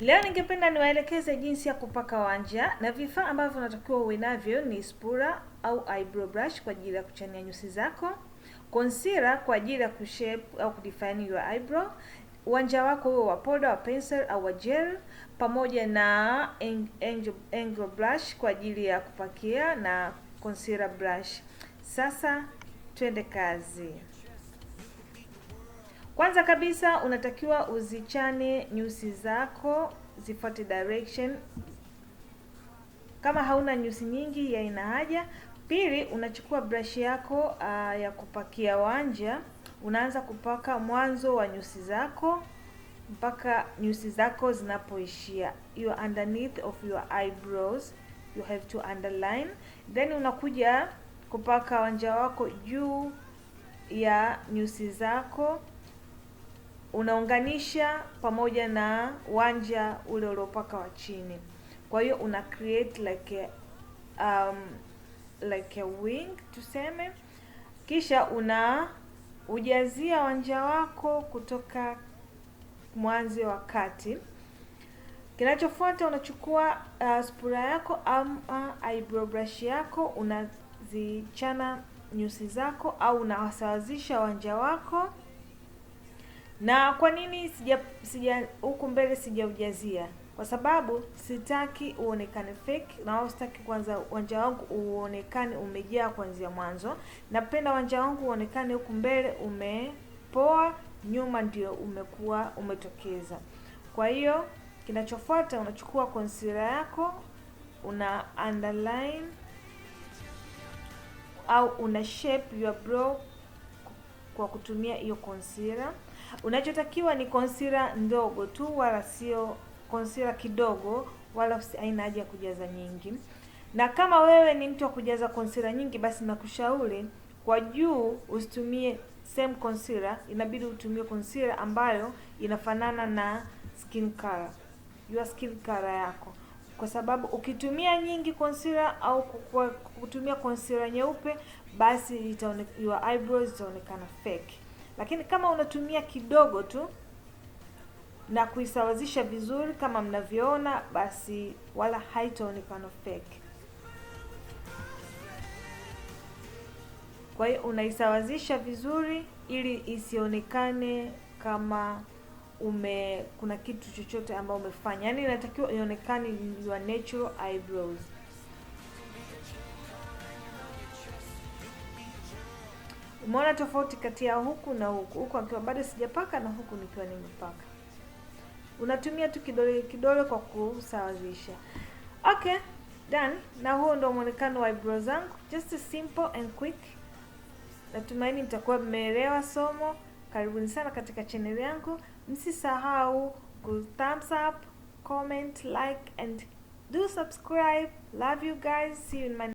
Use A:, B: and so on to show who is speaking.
A: Leo ningependa niwaelekeze jinsi ya kupaka wanja, na vifaa ambavyo unatakiwa uwe navyo ni spura au eyebrow brush kwa ajili ya kuchania nyusi zako, concealer kwa ajili ya kushape au kudefine your eyebrow, wanja wako huo wa powder, wa pencil au wa gel, pamoja na angle brush kwa ajili ya kupakia na concealer brush. Sasa twende kazi. Kwanza kabisa unatakiwa uzichane nyusi zako zifuate direction. Kama hauna nyusi nyingi ya ina haja. Pili, unachukua brush yako uh, ya kupakia wanja, unaanza kupaka mwanzo wa nyusi zako mpaka nyusi zako zinapoishia, hiyo underneath of your eyebrows you have to underline, then unakuja kupaka wanja wako juu ya nyusi zako unaunganisha pamoja na wanja ule uliopaka wa chini, kwa hiyo una create like a, um, like a wing tuseme, kisha una ujazia wanja wako kutoka mwanzo wa kati. Kinachofuata unachukua uh, spura yako ama uh, eyebrow brush yako unazichana nyusi zako au unawasawazisha wanja wako. Na kwa nini sija sija huku mbele sijaujazia? Kwa sababu sitaki uonekane fake, na wao sitaki kwanza uwanja wangu uonekane umejaa kuanzia mwanzo. Napenda uwanja wangu uonekane huku mbele umepoa, nyuma ndio umekuwa umetokeza. Kwa hiyo kinachofuata unachukua concealer yako una underline au una shape your brow kwa kutumia hiyo concealer. Unachotakiwa ni konsila ndogo tu, wala sio concealer kidogo, wala haina haja ya kujaza nyingi. Na kama wewe ni mtu wa kujaza concealer nyingi, basi nakushauri kwa juu usitumie same concealer, inabidi utumie concealer ambayo inafanana na skin color, your skin color yako, kwa sababu ukitumia nyingi concealer au kutumia concealer nyeupe, basi your eyebrows zitaonekana fake. Lakini kama unatumia kidogo tu na kuisawazisha vizuri kama mnavyoona, basi wala haitaonekana fake. Kwa hiyo unaisawazisha vizuri ili isionekane kama ume kuna kitu chochote ambao umefanya, yaani inatakiwa ionekane your natural eyebrows. Umeona tofauti kati ya huku na huku, huku akiwa bado sijapaka na huku nikiwa nimepaka. Unatumia tu kidole kidole kwa kusawazisha. Okay, done. Na huo ndio mwonekano wa eyebrow zangu, just simple and quick. Natumaini mtakuwa mmeelewa somo. Karibuni sana katika channel yangu. Msisahau ku thumbs up, comment, like and do subscribe. Love you guys. See you in my